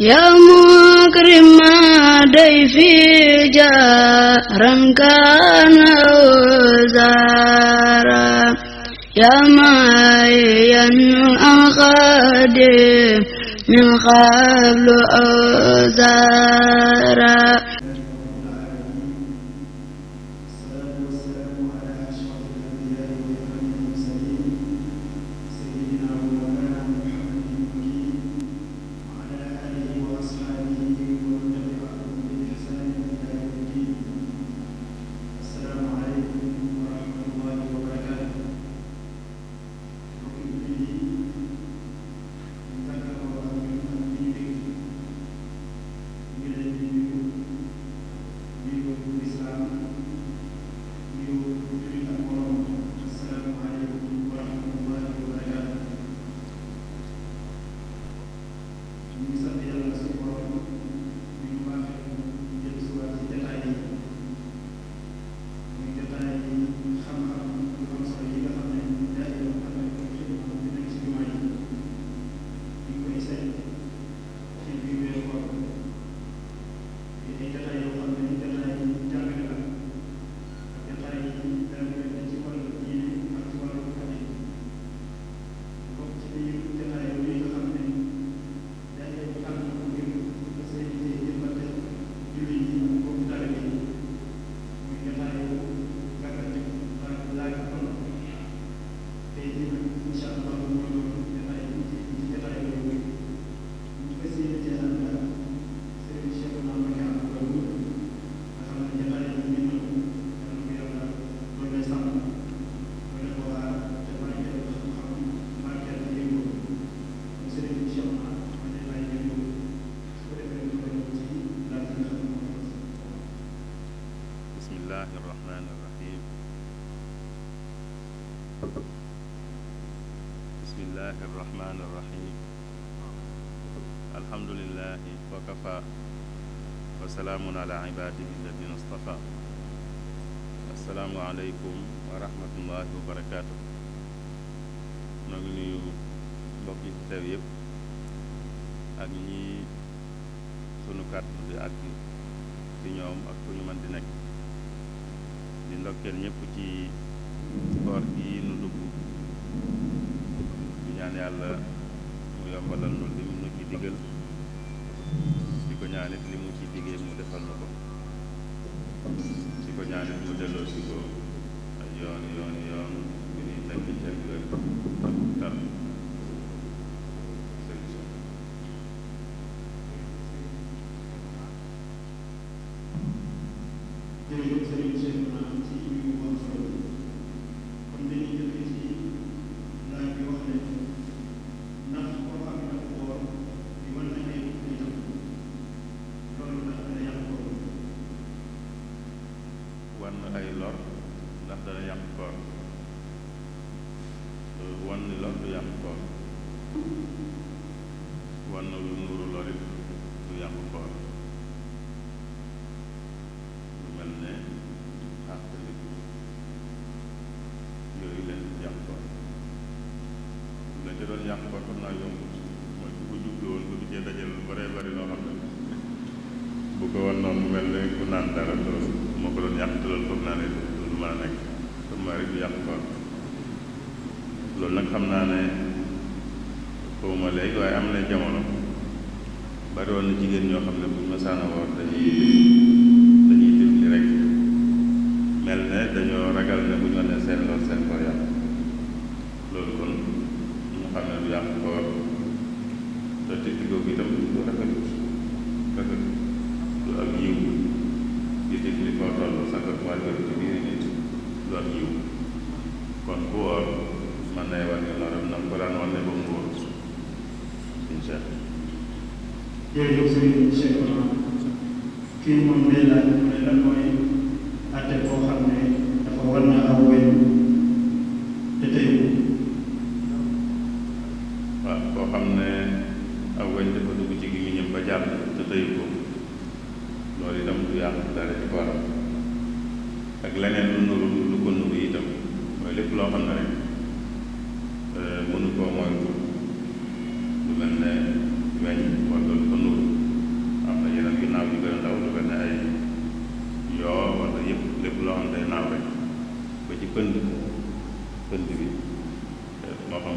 يا مكرم ضيفي جارا كان وزارا يا مايا أخادي من قبل أزارا وسلام على عباده الذين اصطفى السلام عليكم ورحمة الله وبركاته نغني بكي تريب أغني سنو كات دي أغني دي نيوم أكو نيوم دي نك دي نك كل نيب كي كور كي ندوكو دي نيان يالا ويوم بلن نو دي نو كي ديگل ko ñaanit li mu ci liggéey mu defal na ko di ko ñaanit mu delloo si ko ay yoon yoon yoon bu ñuy nekk ci bëree bëri ko woon noonu mu mel ne ku naan dara loolu moo ko doon yàq te nag xam naa ne xawma léegi waaye am na jamono bari woon na jigéen ñoo xam ne dañuy dañuy def rek mel ne dañoo ragal ne bu ñu ne seen lool seen koor yàq loolu kon ñu xam ne du yàq koor te tiggoo bi itam lu rafetlu rafetlu lu ak yiw gis-gis bi fa toll sànq ak waa ci biir nit lu ak yiw kon ku woor mën nay wane loolu na ko daan allah. jërëjëf sëriñ Cheikh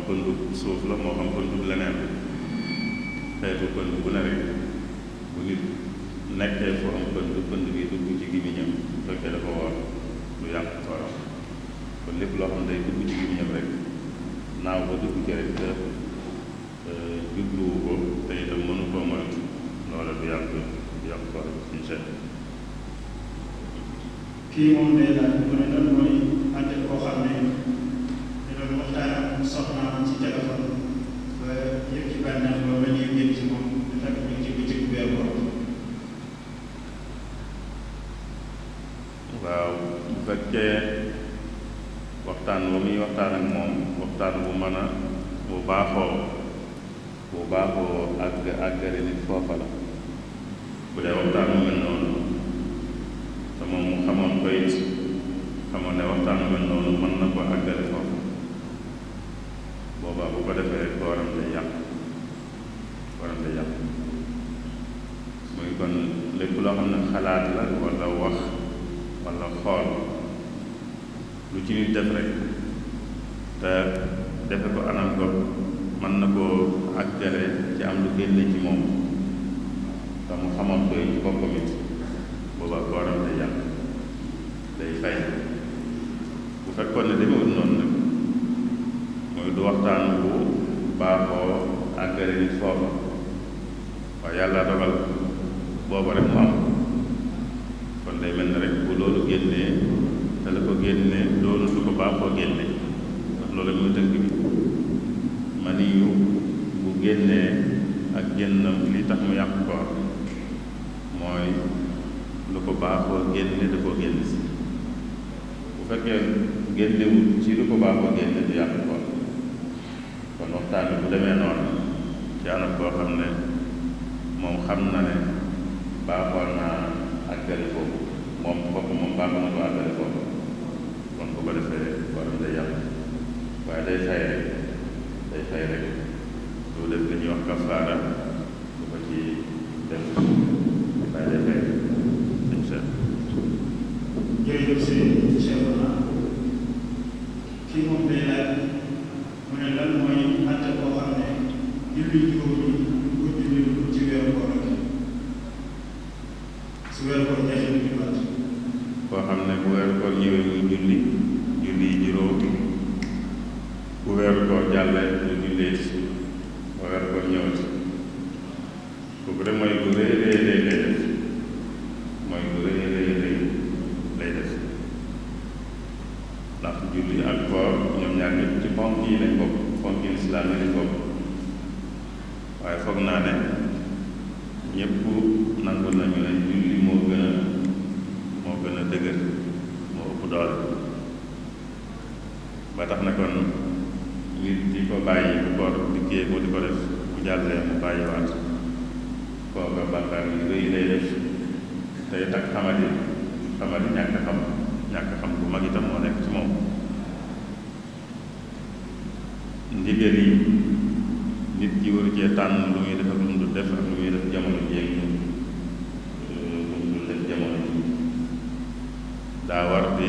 pëndub suuf la moo xam pëndub leneen xeetu pënd bu ne rek bu nit nekkee foo am pënd pënd dugg ci gémmiñam bu fekkee dafa woor lu yàq tooram kon lépp loo xam ne dugg ci gémmiñam rek naaw ba dugg ci rek euh, jubluwu ko te itam mënu koo moytu loola du yàq du yàq tooram kii moom day laaj mu ne cee waxtaan wa muy waxtaan ak moom waxtaan bu mën a bu baaxoo bu baaxoo àgg àggale nit foofa la bu dee waxtaan mu mel noonu te moom mu xamoon ko it xamoon ne waxtaan mu mel noonu mën na ko àggale foofa boobaa bu ko defee kooram day yàq kooram day yàq muy kon lépp loo xam ne xalaat la walla wax walla xool lu ci nit def rek te defe ko anam ko mën na koo àggale ci am lu génne ci moom te mu xamoon koy boppam it booba kooram day yàq day fay bu fekkoon ne demewut noonu nag mooy du waxtaan bu baaxoo àggale nit foofa waaye yàlla dogal booba rek mu am génnee ak génnam li tax mu yàq koor mooy lu ko baaxoo génne da koo génn si bu fekkee génnewul ci lu ko baaxoo génne du yàq koor kon waxtaan bi bu demee noonu ci anam koo xam ne moom xam na ne baaxoon naa àggale foofu moom bopp moom baaxoon na ko àggale foofu kon bu ko defee waaye day fay Aadama bu ko ci def tànn lu muy def ak mu dul def ak lu muy def jamono ji ak euh, lu mu dul def jamono ji daa war di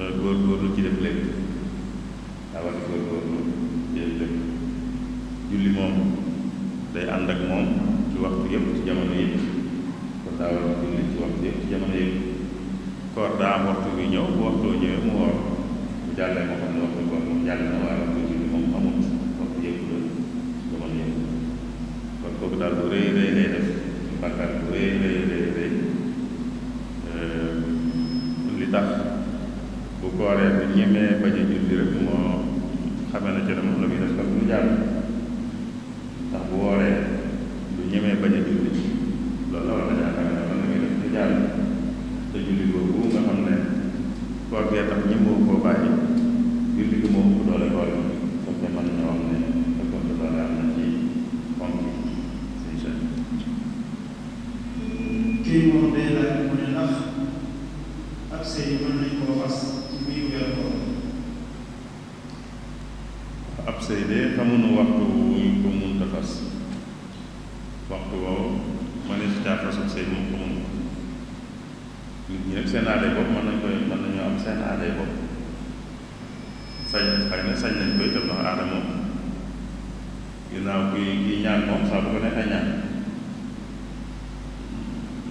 euh, góorgóorlu ci def lépp daa war di góorgóorlu ci def lépp julli moom day ànd ak moom ci waxtu yëpp ci jamono yëpp kon daa war di julli ci waxtu yëpp ci jamono yëpp koor daa am waxtu bi ñëw bu waxtu ñëwee mu woor bu jàllee moo xam ne waxtu bi moom jàll na ñemee bañ a julli rek moo scénario boobu mën nañ koy mën nañoo am scénario boobu sañ xëy na sañ nañ koy itam ndax aada moom ginnaaw kuy kii ñaan moom saa bu ko neexee ñaan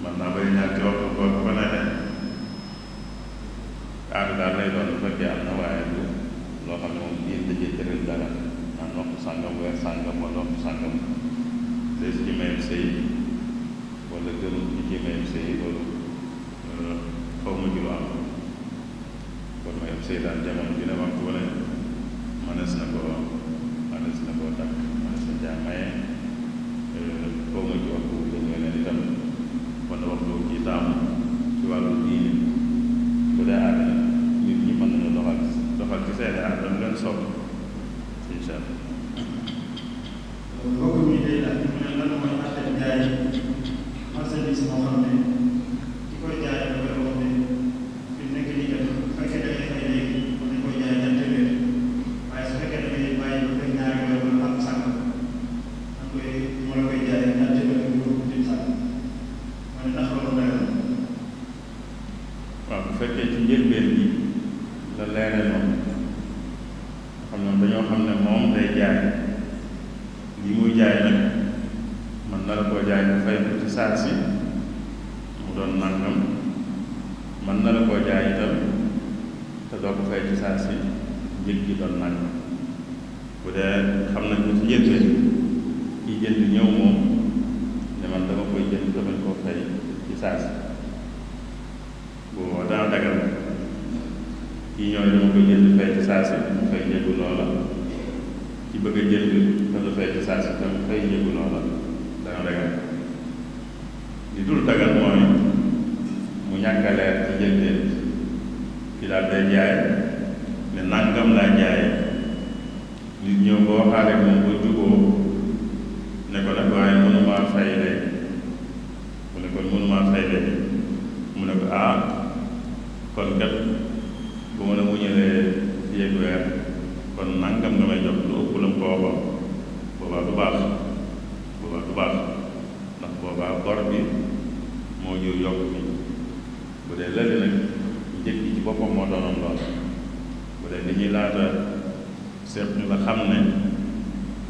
mën naa bay ñaan ci waxtu ko bu ko neexee aada daal lay doon bu fekkee am na waaye du loo xam ne moom diin dajee tëral dara naan waxtu sàngam weer sàngam wala waxtu sàngam des ci même sëy wala gënu ci même sëy wala sëy daal jamono ju ne waxtu wala mënees na ko mënees na koo takk na caa maye euh, foo ma ci waxtu dañoo leen itam waxtu ci taamu ci wàllu nit ñi mën nañu doxal doxal ci seede aada lu leen baax boobaa du baax ndax boobaa bor bi moo ñëw yokk bi bu dee lële nag njëkk ci boppam moo doonoon lool bu dee li ñuy laata seet ñu la xam ne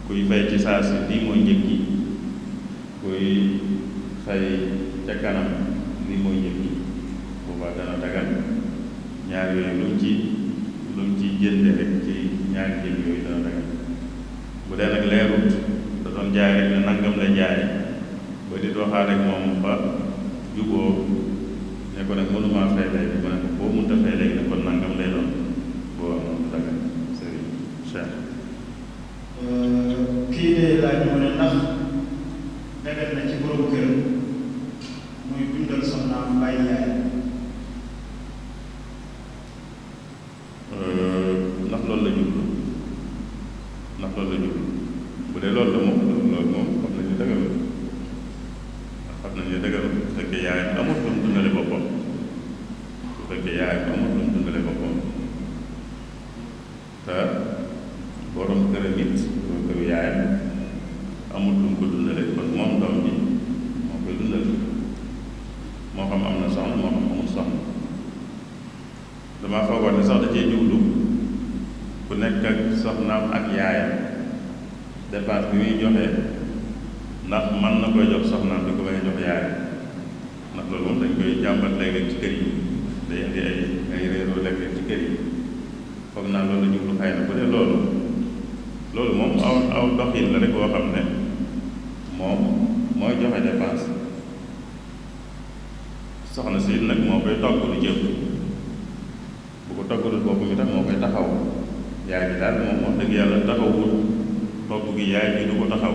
kuy fay ci saa si lii mooy njëkk yi kuy fay ca kanam lii mooy njëkk yi boobaa dana dagan ñaar yooyu lu ci lu ci jënde rek ci ñaar ba nit waxaale ak moom ba juboo ne ko nag mënumaa fay lay bi mu ne amul lu mu ko dundalee kon moom doom ji moo koy dundal moo xam am na soxna moo xam amul soxna damaa foogoon ne sax da cee jublu ku nekk ak soxnaam ak yaayam dépense bi muy joxe ndax mën na koy jox soxnaam di ko bañ a jox yaayam ndax loolu moom dañ koy jàmbat léeg-léeg ci kër yi day indi ay ay réeroo léeg-léeg ci kër yi foog naa loolu la jublu xëy na bu dee loolu loolu moom aw aw doxin la rek boo xam ne si nag moo koy togg lu jëpp bu ko toggalul boppam itam moo koy taxaw yaay bi daal moom wax dëgg yàlla taxawul togg gi yaay bi du ko taxaw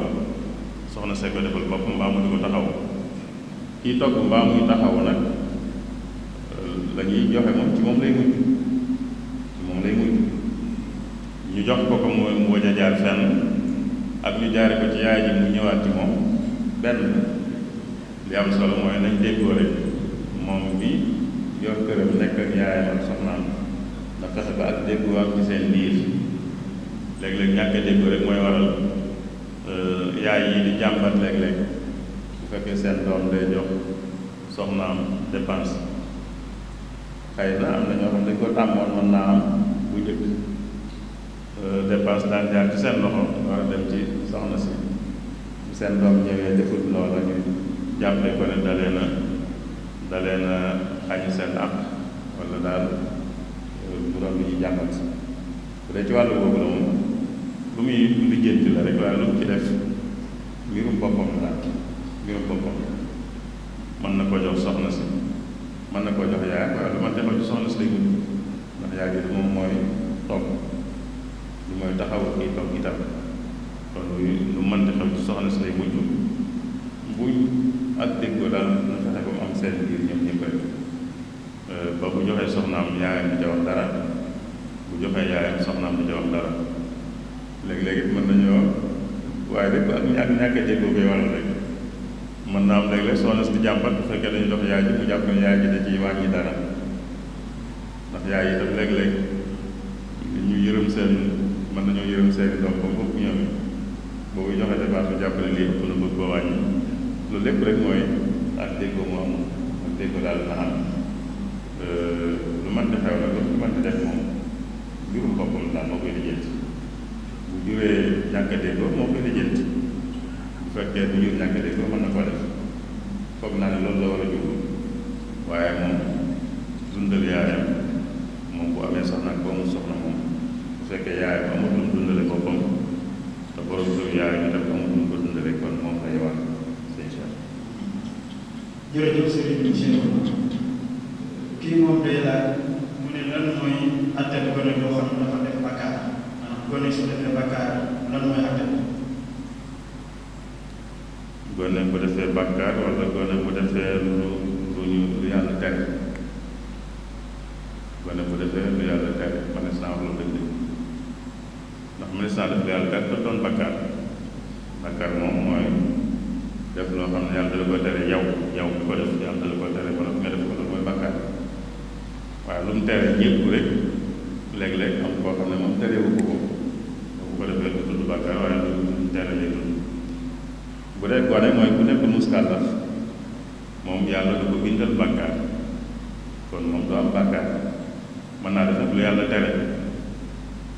soxna see ko defal boppam mbaa mu di ko taxaw kii togg mbaa muy taxaw nag la ñuy joxe moom ci moom lay mujj ci moom lay mujj ñu jox ko ko mu waj jaar fenn ak ñu jaare ko ci yaay ji mu ñëwaat ci moom benn li am solo mooy nañ déggoo rek déggoo am ci seen biir léeg-léeg ñàkk déggoo rek mooy waral euh, yaay yi di jàmbat léeg-léeg bu fekkee seen doom day jox soxnaam dépense xëy na am na ñoo xam dañ ko tàmmoon mën naa am bu njëkk euh, dépense daan jaar ci seen loxo war a dem ci soxna si seen doom ñëwee defut loola ñu jàppale ko ne dalee na dalee na xañ seen àq wala daal du doon lu ñuy jàmbat bu dee ci wàll boobu la moom lu muy liggéenti la rek waaye lu mu ci def mbirum boppam la mbirum boppam la mën na koo jox soxna si mën na koo jox yaay waaye lu mën te mooy toog taxaw kii toog itam kon lu mën te xew ci soxna si lay mujj buñ ak déggoo daal na fexe ba mu am seen biir ñoom ñëpp rek Euh, ba bu joxee soxnaam yaayam di ca wax dara bu joxee yaayam soxnaam di ca dara léegi-léegi mën nañoo waaye rek ak ñàkk ñàkk a koy waral rek mën naa am léeg-léeg soxna di jàmbat bu fekkee dañu jox yaay ji mu jàpp ne yaay ji da ciy wàññi dara ndax yaay yi ñu yërëm seen nañoo yërëm seen doom ba mu ëpp lii na bëgg ba wàññi loolu lépp rek mooy ak déggoo mu ak déggoo daal na man mënta xew la lu mënta def moom jurum boppam daal moo koy lijjanti bu juree ñàkk a déggoo moo koy lijjanti bu fekkee bu jur ñàkk a déggoo mën na ko def foog naa ne loolu la war a jur waaye moom dundal yaayam moom bu amee soxna ak mu soxna moom bu fekkee yaayam amatul dundale boppam te borom kër yaayam itam amatul ko dundale kon moom lay wax sëñ dee gone mooy ku nekk muskàllaf moom yàlla du ko bindal bàkkaar kon moom du am bàkkaar mën na def nag lu yàlla tere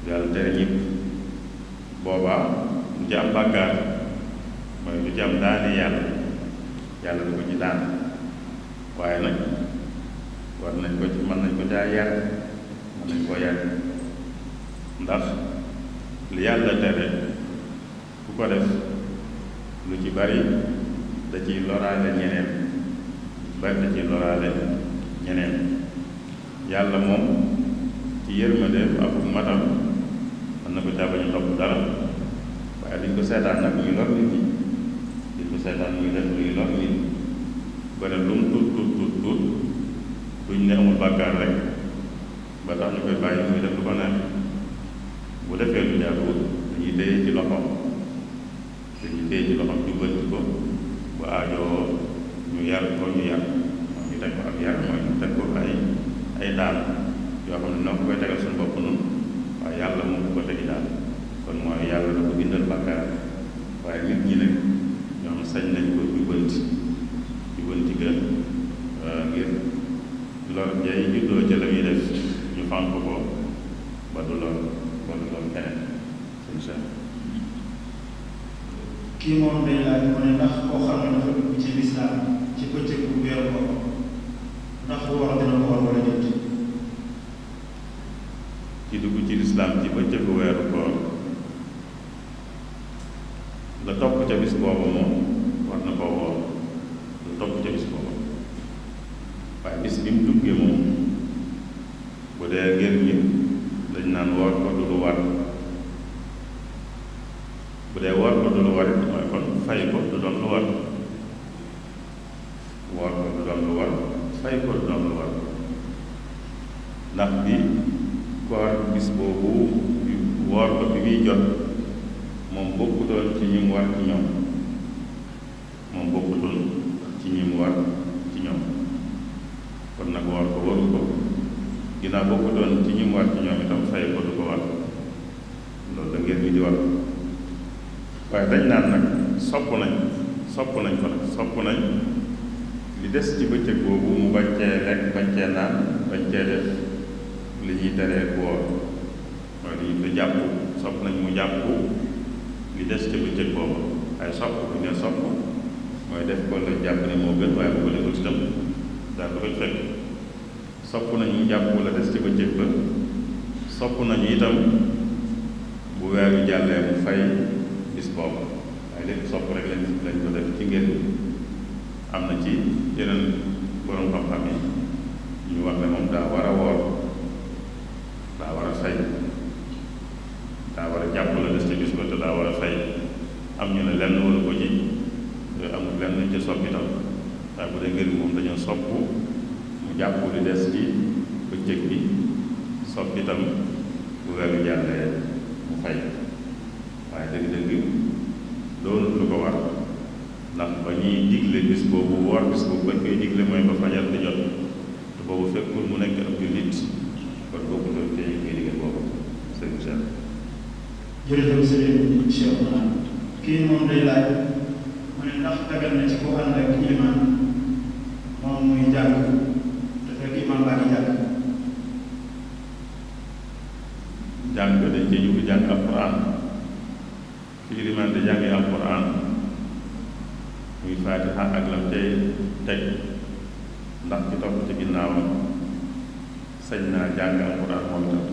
lu yàlla tere ñëpp boobaa du ci am bàkkaar mooy du ci am du ko ci daan waaye nag war nañ ko ci mën nañ ko caa yar mën nañ koo yar ndax li yàlla tere ku ko def lu ci bari da ci loraale ñeneen bari da ciy loraale ñeneen yàlla moom ci yërmandeem ak matam mën na ko caa bañ a topp dara waaye dañ ko seetaan nag muy lor nit ñi dañ ko seetaan muy def luy lor nit ñi ba lu mu tuut tuut tuut tuut duñ ne amul bàkkaar rek ba tax ñu koy bàyyi muy def lu ko neex ko bu aajoo ñu yar ko ñu yar ñu teg ko ak yar mooy ñu teg ko ay ay yoo xam ne noo ko koy tegal suñu bopp noonu waaye yàlla moom ko tegi daal kon mooy yàlla da ko bindal bàkkaar waaye nit ñi nag ñoom sañ nañ ko jubbanti jubbanti ga euh, ngir lor jay juddoo ca la muy def ñu fànq ko ba du lor ba keneen suñu kii moom day laaj mu ne ndax koo xam ne dafa dugg ci lislaam ci bëccëg bu weeru ko ndax woor dina ko war wala déet ci dugg ci lislaam ci bëccëgu weeru koor la topp ca bis booba moom war na ko woor la topp ca bis booba waaye mu duggee moom bu dee ngir ñi dañ naan woor ko du war bu dee woor ko du war mu war ci ñoom moom bokkutoon ci ñi mu ci ñoom kon nag war ko waru ko ginnaaw bokkutoon ci ñi mu ci ñoom itam fay ko du ko war loolu da ngeen bi di war waaye dañ naan nag sopp nañ sopp nañ ko nag sopp nañ li des ci bëccëg boobu mu bañ cee lekk bañ naan bañ def li ñuy teree woor mooy li ñu jàpp sopp nañ mu jàpp li des ci bëccëg boobu ay sopp bu ñu sopp mooy def ko la jàpp ne moo gën waaye bu ko defut itam daa ko fekk sopp nañu jàpp la des ci bëccëg ba sopp nañu itam bu weeru jàllee mu fay bis boobu waaye lépp sopp rek lañ lañ ko def ci ngeen am na ci yeneen borom xam-xam yi ñu wax ne moom daa war a woor sopp mu jàpp lu des ci bëccëg bi sopp itam bu weeru jàllee mu fay waaye dëgg-dëgg doonut lu ko war ndax ba ñuy digle bis boobu woor bis boobu bañ koy digle mooy ba fajar di jot te boobu fekkul mu nekk ab jullit kon boobu loolu tey ñu ngi boobu sëñ Cheikh. jërëjëf kii moom day laaj mu ne ndax dagal na ci ko ànd ak limaan moom muy jàng te fekk imaam baa ngi jàng jàng dañ cee yóbbu jàng alquran fii liman di jàngi alquran muy faatiha ak lam teg ndax ci topp ci ginnaawam sañ naa jàng alquran moom itam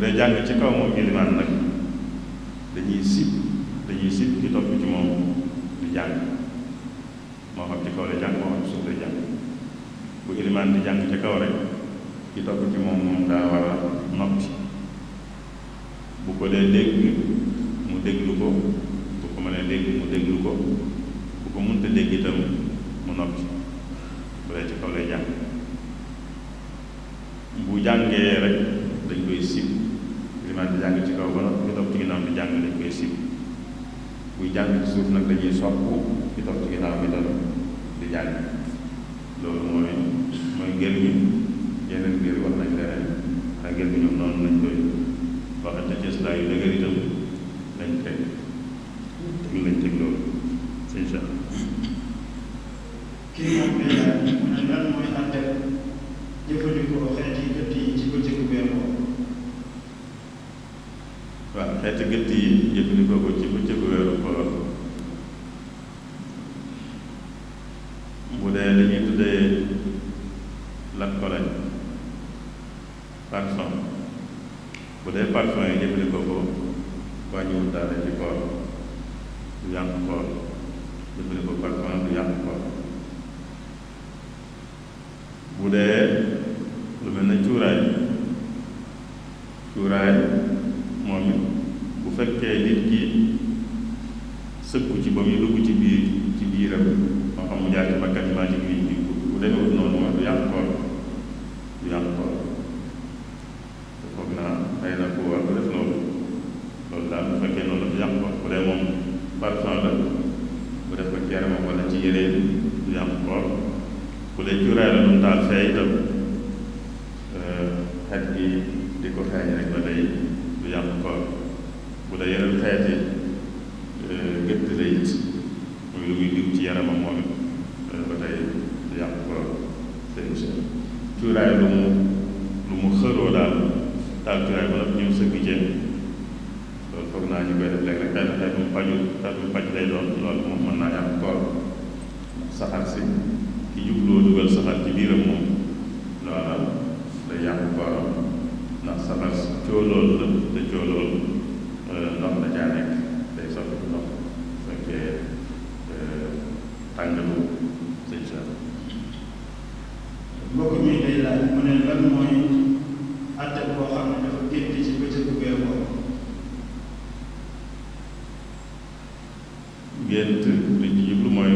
bu dee jàng ci kaw moom ilimaan nag dañuy sib dañuy sib ki topp ci moom di jàng moo xam ci kaw la jàng moo xam ci suuf la jàng bu ilimaan di jàng ci kaw rek ki topp ci moom moom daa war a noppi bu ko dee dégg mu déglu ko bu ko mënee dégg mu déglu ko bu ko mënta dégg itam mu noppi bu dee ci kaw lay jàng bu jàngee rek dañ koy sib maanaam di jàng ci kaw ba noppi ñu toog di jàng dañ koy sib buy jàng ci suuf nag dañuy sopp ñu toog ci di jàng loolu mooy mooy ngër ñi yeneen ngër wax nañ leneen waaye ngër ñoom noonu lañ koy waxante ci islaam yu dëgër gétt yi yëkkati ko ko ci dugg ci biir ci biiram moo xam mu jaar ci bakkan yi maa biir bi bu demewut noonu mooy du yàq koor du yàq koor te foog naa xëy na ku war ko def loolu loolu daal bu fekkee noonu du yàq koor bu dee moom parfum la bu def ko ci yaramam wala ci yére du koor bu dee cuuraay la doon daal fee itam te tënk mooy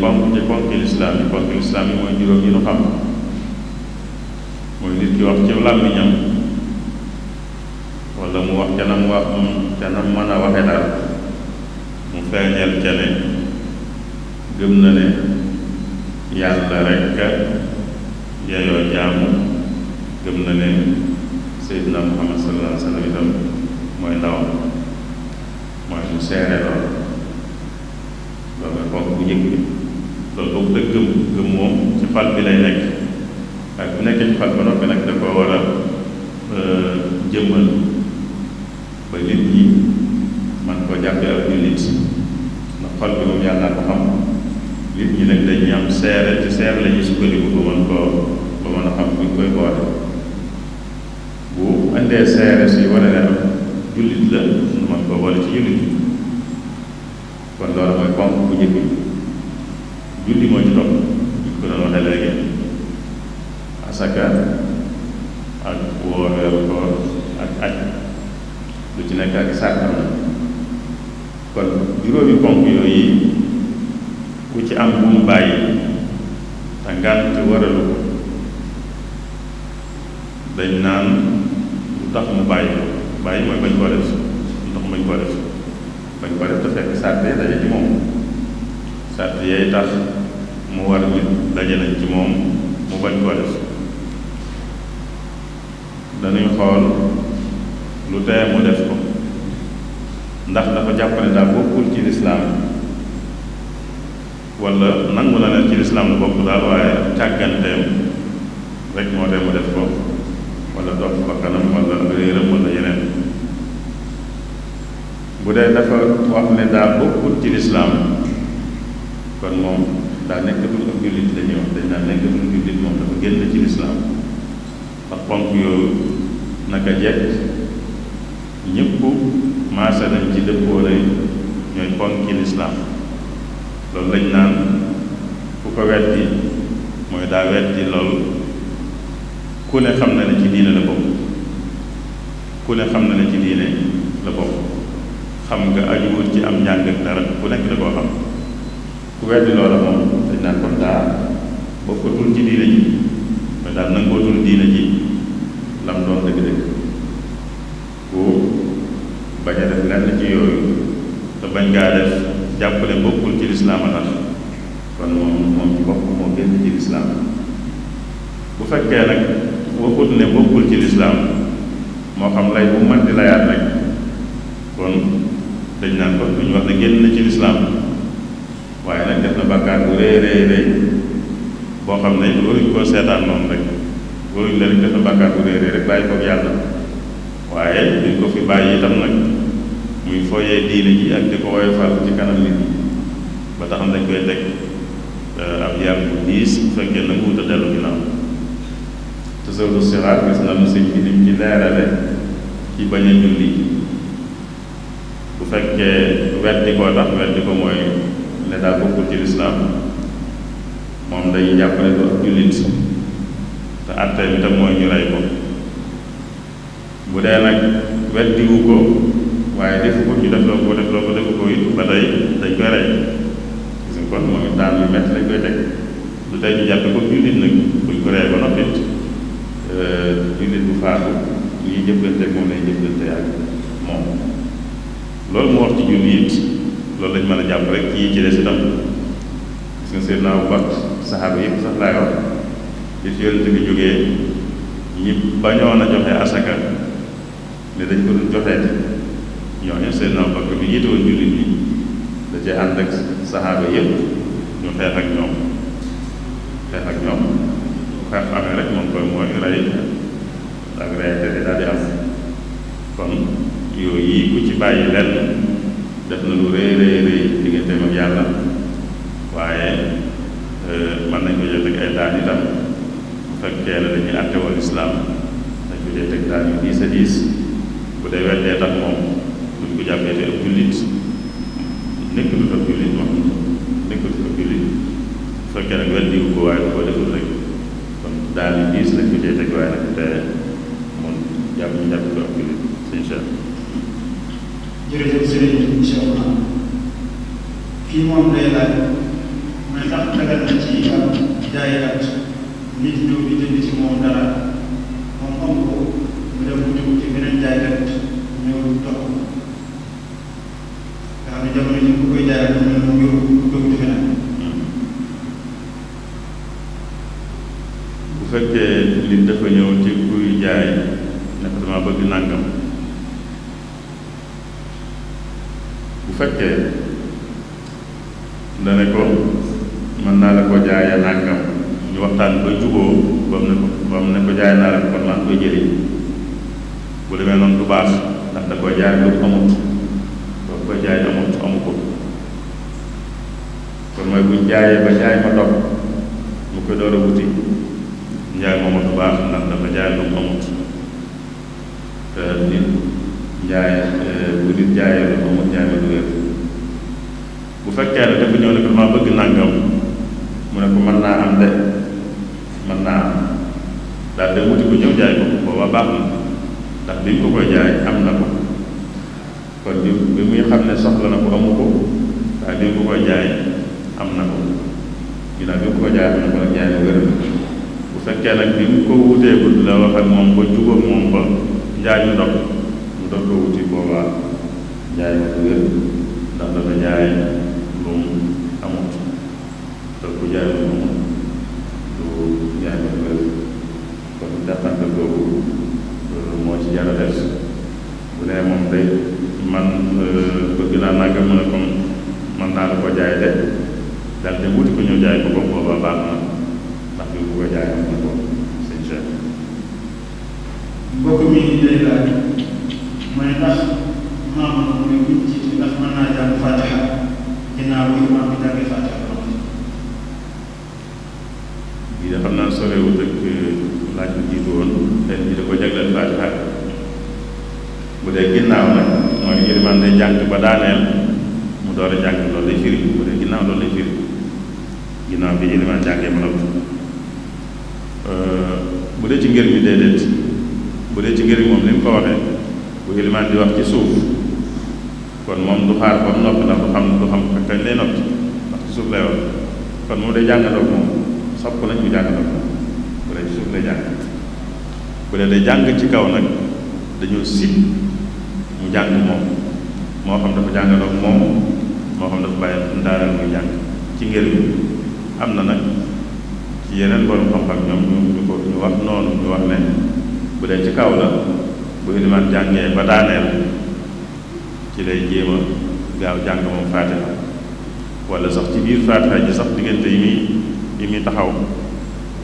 ponk ci ponk lislaam yi ponk lislaam yi mooy juróom yi nu xam mooy nit ki wax ci làmmiñam wala mu wax canam wax mm, canam mën a waxe daal mu feeñal ca ne gëm na ne yàlla rekk yeyoo jaamu gëm na ne seydina muhammad sallallahu alayhi itam mooy ndawam mooy mu seere loolu loolu ponk bu njëkk loolu boobu dëgg gëm gëm moom ci fal bi lay nekk ak bu nekkee ci fal ba noppi nag da koo war a euh, jëmmal ba nit ñi man koo jàppee ak jullit ndax xol bi moom yàlla ko xam nit ñi nag dañuy am seere ci seere la ñuy sukkandiku ba mën koo ba mën a xam bu ñu koy boole bu andee seere si wane ne am jullit la nu koo boole ci jullit kon loolu mooy ponk bu njëkk julli moo ci topp ñu ko doon waxee asaka ak wóoreel koor ak aj lu ci nekk ak sàkkam na kon juróomi ponk yooyu ku ci am bu mu bàyyi te ngànt waralu ko dañ naan lu tax mu bàyyi ko bàyyi mooy bañ koo def lu tax bañ koo def bañ koo def te fekk sàrt yee daje ci moom sàrt yee tax mu war nit dajale ci moom mu bañ koo def dañuy xool lu teye mu def ko ndax dafa jàpp ne daa bokkul ci lislaam wala nangu la ne ci lislaam la bokk daal waaye càgganteem rek moo tee mu def ko wala dox bakkanam wala réeram wala yeneen bu dee dafa wax ne daa bokkul ci lislaam kon moom daa nekk bu ñu ab jullit dañuy wax dañ daa nekk bu ñu jullit moom dafa génn ci lislaam ndax ponk yooyu naka jekk ñëpp maasa nañ ci dëppoo lay ñooy ponk ci lislaam loolu lañ naan ku ko weddi mooy daa weddi loolu ku ne xam na ne ci diine la bokk ku ne xam na ne ci diine la bokk xam nga ajuwut ci am njàng ak dara ku nekk da koo xam ku weddi loola moom naan kon daa bokkatul ci diine ji mooy daal nangootul diine ji lam dëgg-dëgg ku bañ a def lenn ci yooyu te bañ ngaa def jàppale bokkul ci lislaam a kon moom moom ci bopp moo génn ci lislaam bu fekkee nag waxut ne bokkul ci lislaam moo xam lay bu man layaat rek kon dañ naan kon duñu wax ne génn na ci lislaam waaye nag def bàkkaar bu rëy rëy rëy boo xam ne waruñ koo seetaan noonu rek waruñ la rek dafa bàkkaar bu rëy rëy waaye ko fi bàyyi itam nag muy fooyee diine ji ko woyofal ci kanam nit ba tax dañ koy teg euh, ab yàlla bu diis bu fekkee na wuta dellu ginnaaw te sawru siraat gis na lu sëñ bi lim ci leerale ci bañ a julli bu fekkee weddi koo tax weddi ko mooy ne daa bokkul ci lislaam moom day jàppale ko ak jullit te àtte bi tam mooy ñu rey ko bu dee nag weddiwu ko waaye defu ko ñu def loo ko def loo ko defu ko it ba tey dañ koy rey gis nga kon moom it daan lu métti lañ koy teg lu tey ñu jàppe ko jullit nag buñ ko rey ba noppi it euh, bu faatu ñuy jëflante moom lay jëflante ak moom loolu moo wax ci jullit loolu lañ mën a jàpp rek ci ci des itam gis nga seen naaw bat saxaaba yëpp sax laay wax ci fi yonent bi ñi bañoon a joxe asaka ne dañ ko doon joxeete ñooñu seen naaw bakk bi jiite woon jullit ñi da cee ànd ak saxaaba yëpp ñu xeex ak ñoom xeex ak ñoom xeex amee rek moom koy mooy rey ak reyante daal di am kon yooyu yi ku ci bàyyi lenn def na lu rëy rëy rëy digganteem yàlla waaye euh, man nañ ko jël rek ay daan itam bu fekkee ne dañuy àtte woon islaam dañ ko dee teg daan diis a diis bu dee weddee tax moom duñ ko jàppee te ëpp jullit nekk lu ëpp jullit moom nekk lu ëpp jullit bu fekkee nag weddiwu ko waaye bu ko deful rek kon daan diis lañ ko dee teg waaye nag te moom jàpp jàpp ko ëpp jullit suñu ci alxuraan kii moom day laaj mooy ndax dagal na ci ab jaaykat nit ñëw di jënd ci ko wuteegul la wax ak moom ba jubóog moom ba njaay mu dox mu dox ko wuti boobaa njaay ma du wér ndax dafa jaay lu mu amut te ku jaay lu mu amut du njaay ma du wér kon dàqante googu loolu moo ci jar a des bu dee moom day man euh, bëgg naa nangam mu ne comme man naa la ko jaay de daal te wuti ko ñëw jaay ko ko boobaa baax na ndax li ko jaay am na ko mbokk mi ñu day laaj mooy ndax maam la mooy buñ jiite ndax mën naa jàng fatiha ginnaaw bi maam bi jàngee fatiha ba noppi. lii dafa naan sorewut ak euh, laaj bu jiitu woon ren bi da ko jagleel fatiha bu dee ginnaaw nag mooy ilimaan day jàng ba daaneel mu door a jàng loolu lay firi bu dee ginnaaw loolu lay firi ginnaaw bi ilimaan jàngee ba noppi euh, bu dee ci ngir mi bu dee ci ngir moom li mu ko waxee bu ilimaan di wax ci suuf kon moom du xaar ba mu noppi xam du lay noppi suuf lay wax kon moom day jàngandoog moom sopp nañ mu jàngandoog moom bu dee day jàng ci kaw nag dañoo sib mu xam ne jàngandoog moom moo xam dafa bàyyi muy jàng ci ngir mi am na nag ci yeneen borom xam-xam ñoom ñu ko ñu wax noonu ñu wax ne bu dee ci kaw la bu ilimaan jàngee ba daaneel ci lay jéem a gaaw jàng moom faatiha wala sax ci biir faatiha ji sax diggante yi muy yi muy taxaw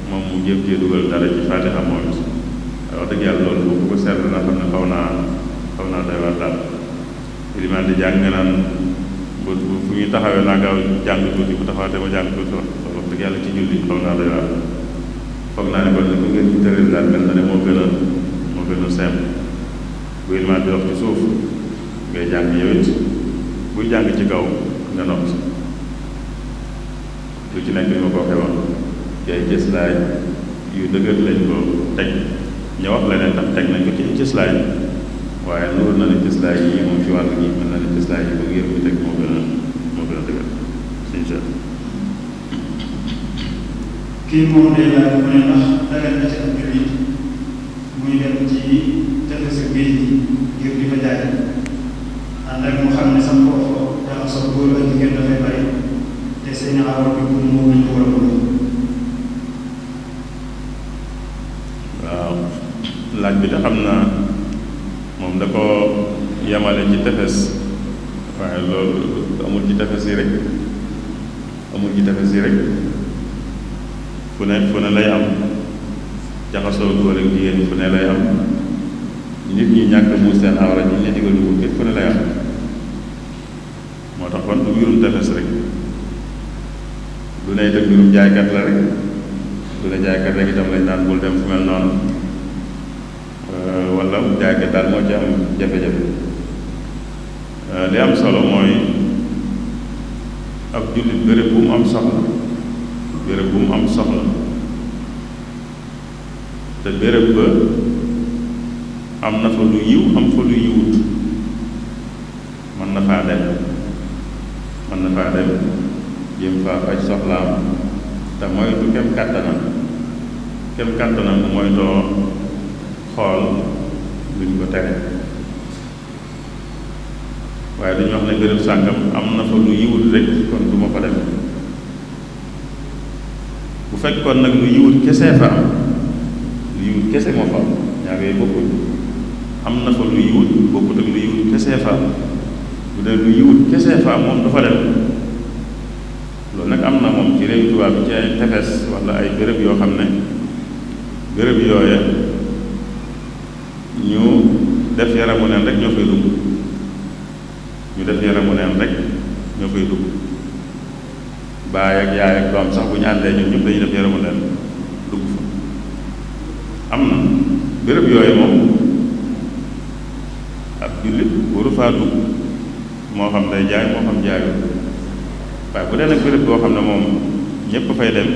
moom mu jéem cee dugal dara ci faatiha moom it wax dëgg loolu bu ko seetlu na xam ne xaw naa xaw naa doy daal ilimaan di jàng nga naan bu fu ñuy taxawee naa gaaw jàng tuuti bu taxawaatee ma jàng tuuti wax wax dëgg yàlla ci julli xaw naa doy foog naa ne kon ni ko ngeen ci daal mel na ne moo gën a moo gën a simple bu ilmaat bi wax ci suuf ngay jàng yow it buy jàng ci kaw nga noppi lu ci nekk li ma ko waxee woon yaay cëslaay yu dëgër lañ ko teg ñu wax leneen ndax teg nañ ko ci cëslaay waaye loolu na ne cëslaay yi moom ci wàll gi mën na ne cëslaay yi bu ngeen bi teg moo gën a moo gën a dëgër sincère kii moom day laaj mu ne ndax dagan na ci am jullit muy dem ci tefes géej gi ngir di fa jaay ànd ak mu xam ne sam foofu jaxasoo góor te seen awra bi bu mu ñu war a bi de xam naa moom da ko yemale ci tefes waaye loolu amul ci tefes yi rek amul ci fu ne fu ne lay am jaxasoo góor ak jigéen fu ne lay am nit ñi ñàkk mu seen awra ñi ne digal ko képp fu ne lay am moo tax kon du mbirum tefes rek du ne itam mbirum jaaykat la rek du ne jaaykat rek itam lañ daan bul dem fu mel noonu eh, wala jaaykat daal moo ci am jafe-jafe eh, li am solo mooy ab jullit béréb bu mu am soxla béréb bu mu am soxla te béréb ba am na fa lu yiw am fa lu yiwut mën na faa dem mën na faa dem jéem faa faj soxlaam te moytu kem kàttanam kem kàttanam bu mooy doo xool luñ ko tere waaye duñu wax ne béréb sàngam am na fa lu yiwut rek kon du ma dem bu kon nag lu yiwut kese fa am lu yiwut kese moo fa am ñaar yooyu bokkul am na fa lu yiwut bokkut ak lu yiwut kese fa bu dee lu yiwut kese fa am moom dafa dem loolu nag am na moom ci réew tubaab bi ci ay tefes walla ay gërëb yoo xam ne gërëb yooya ñu def yaramu neen rek ñoo fay dugg ñu def yaramu neen rek ñoo fay dugg baay ak yaay ak doom sax bu ñu àndee ñun ñëpp dañuy def yaramu leen dugg fa am na béréb yooyu moom ab jullit waru faa dugg moo xam day jaay moo xam jaayul waaye bu dee nag béréb boo xam ne moom ñëpp fay dem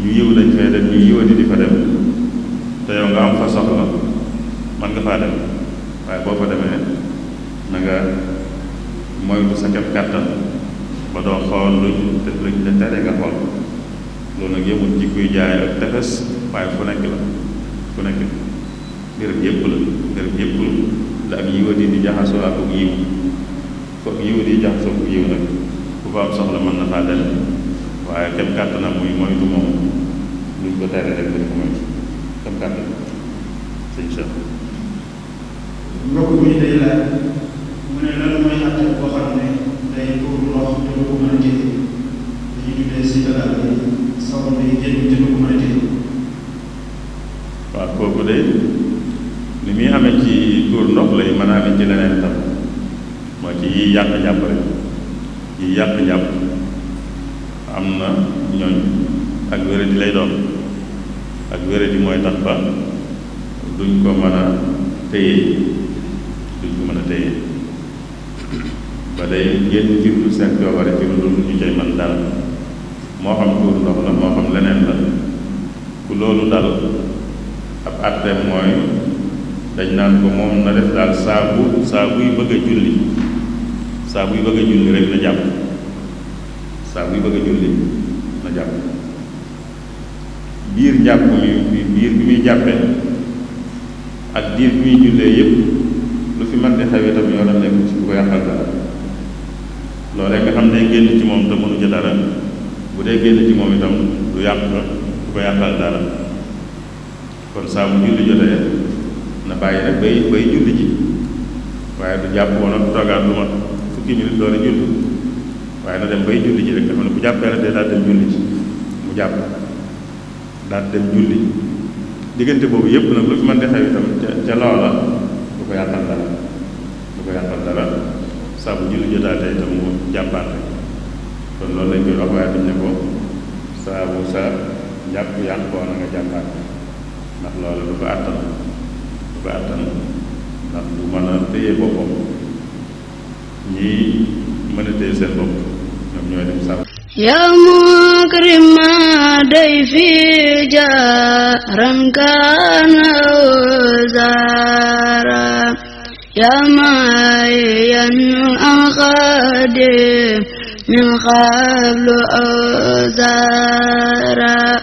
ñu yiw lañ fay dem ñu yiwati di fa dem te yow nga am fa soxla mën nga faa dem waaye boo fa demee na nga sa kem kàttan ba doo xool luñ luñ la tere nga xool loolu nag yëmul ci kuy jaay ak tefes waaye fu nekk la fu nekk mbiram yëpp la mbiram la ak yiwati di jaxasoo ak yiw ko yiw di jaxasoo ak yiw nag ku fa soxla mën na faa dal waaye kem kàttanam muy moytu moom luñ ko tere rek dina mu ne lan mooy àtte boo xam ne day tuur ndox de ni muy ame ci tuur ndox lay mën a amee ci leneen tam mooy ci yiy yàq jàpp rek yiy yàq jàpp am na ñooñ ak wéradi lay doon ak wéradi mooy tax ba duñ ko mën a téye duñ ko mën a téye. ba day génn ci lu seen coobare ci lu dul ñu cay man dal moo xam tuur ndox moo xam leneen la ku loolu dal ab àtte mooy dañ naan ko moom na def daal saa bu saa buy bëgg a julli saa buy bëgg a julli rek na jàpp saa buy bëgg a julli na jàpp biir njàpp biir bi muy jàppee ak diir bi muy jullee yépp lu fi mën di xew itam yoo la nekk ci bu ko yàqal dara loolee nga xam ne génn ci moom te mënu ci dara bu dee génn ci moom itam du yàq du ko yàqal dara kon saa bu julli jotee na bàyyi rek bay du jàpp woon ak toogaat lu mat fukki waaye na bay julli ji bu jàppee rek day daal mu jàpp daal dem boobu yépp nag lu fi mën di xew ko yàqal dara du ko yàqal dara saa ya, bu julli jotaatee itam mu jàppaat rek kon loolu lañ koy wax waaye duñ ne ko saa sa jàpp yàq koo na nga jàppaat ndax loolu du ko àttan du ko àttan ndax du mën a téye boppam ñii mën a téye seen bopp ñoom ñooy dem sàmm يا مكرم ضيفي جارا kana وزارا يا معي من قبل أزارا